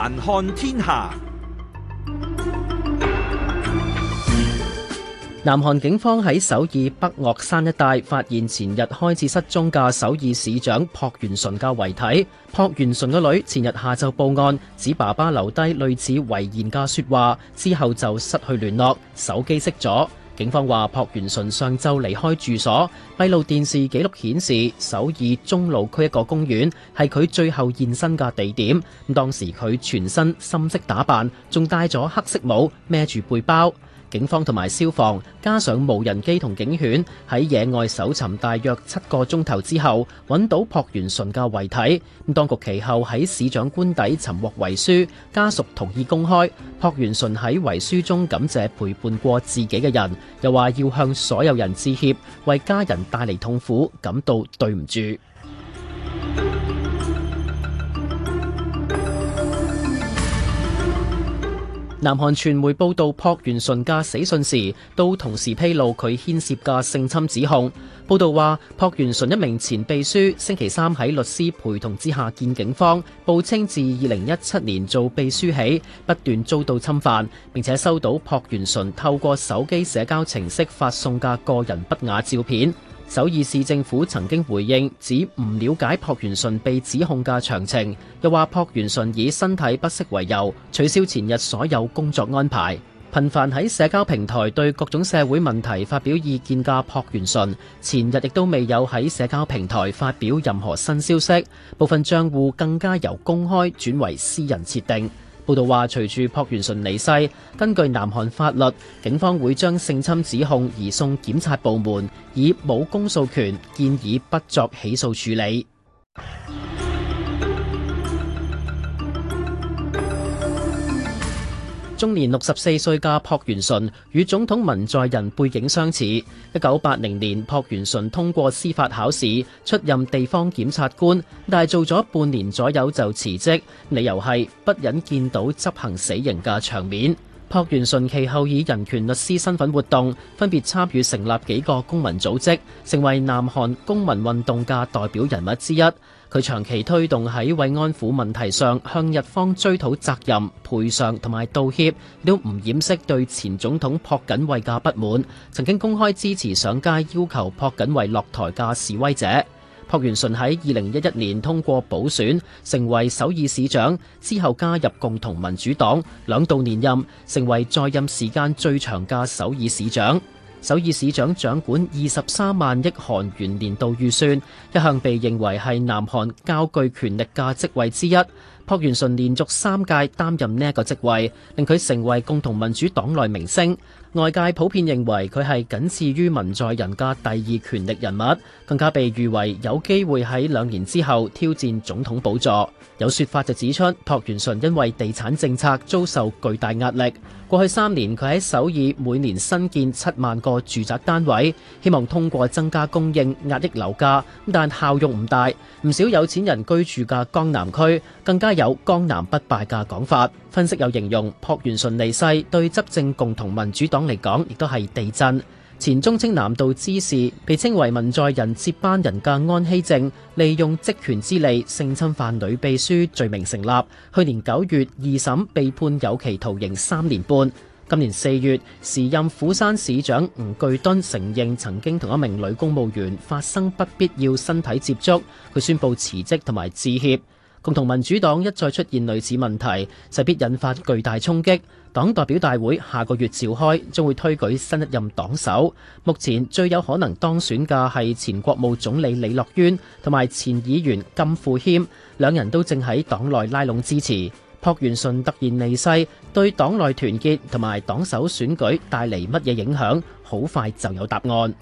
環看天下。南韓警方喺首爾北嶽山一帶發現前日開始失蹤嘅首爾市長朴元淳嘅遺體。朴元淳嘅女前日下晝報案，指爸爸留低類似遺言嘅說話，之後就失去聯絡，手機熄咗。警方話，朴元淳上週離開住所，閉路電視紀錄顯示，首爾中路區一個公園係佢最後現身嘅地點。當時佢全身深色打扮，仲戴咗黑色帽，孭住背包。警方同埋消防加上無人機同警犬喺野外搜尋大約七個鐘頭之後，搵到朴元淳嘅遺體。當局其後喺市長官邸尋獲遺書，家屬同意公開。朴元淳喺遺書中感謝陪伴過自己嘅人，又話要向所有人致歉，為家人帶嚟痛苦感到對唔住。南韓傳媒報道朴元淳嘅死訊時，都同時披露佢牽涉嘅性侵指控。報道話，朴元淳一名前秘書星期三喺律師陪同之下見警方，報稱自二零一七年做秘書起，不斷遭到侵犯，並且收到朴元淳透過手機社交程式發送嘅個人不雅照片。首爾市政府曾經回應，指唔了解朴元淳被指控嘅詳情，又話朴元淳以身體不適為由取消前日所有工作安排。頻繁喺社交平台對各種社會問題發表意見嘅朴元淳，前日亦都未有喺社交平台發表任何新消息，部分賬戶更加由公開轉為私人設定。報道話，隨住朴元淳離世，根據南韓法律，警方會將性侵指控移送檢察部門，以冇公訴權，建議不作起訴處理。終年六十四歲嘅朴元淳與總統文在寅背景相似。一九八零年，朴元淳通過司法考試出任地方檢察官，但係做咗半年左右就辭職，理由係不忍見到執行死刑嘅場面。朴元淳其後以人權律師身份活動，分別參與成立幾個公民組織，成為南韓公民運動嘅代表人物之一。佢長期推動喺慰安婦問題上向日方追討責任、賠償同埋道歉，都唔掩飾對前總統朴槿惠嘅不滿，曾經公開支持上街要求朴槿惠落台嘅示威者。朴元淳喺二零一一年通過補選成為首爾市長，之後加入共同民主黨，兩度連任，成為在任時間最長嘅首爾市長。首爾市長掌管二十三萬億韓元年度預算，一向被認為係南韓較具權力嘅職位之一。朴元淳連續三屆擔任呢一個職位，令佢成為共同民主黨內明星。外界普遍認為佢係僅次於文在寅嘅第二權力人物，更加被譽為有機會喺兩年之後挑戰總統寶座。有說法就指出，朴元淳因為地產政策遭受巨大壓力。過去三年佢喺首爾每年新建七萬個住宅單位，希望通過增加供應壓抑樓價，但效用唔大。唔少有錢人居住嘅江南區更加。有江南不敗嘅講法，分析又形容朴元淳離世對執政共同民主黨嚟講，亦都係地震。前忠清南道知事被稱為文在寅接班人嘅安熙正，利用職權之利性侵犯女秘書罪名成立，去年九月二審被判有期徒刑三年半。今年四月，時任釜山市長吳巨敦承認曾經同一名女公務員發生不必要身體接觸，佢宣布辭職同埋致歉。共同民主黨一再出現類似問題，勢必引發巨大衝擊。黨代表大會下個月召開，將會推舉新一任黨首。目前最有可能當選嘅係前國務總理李樂淵同埋前議員金富謙，兩人都正喺黨內拉攏支持。朴元淳突然離世，對黨內團結同埋黨首選舉帶嚟乜嘢影響？好快就有答案。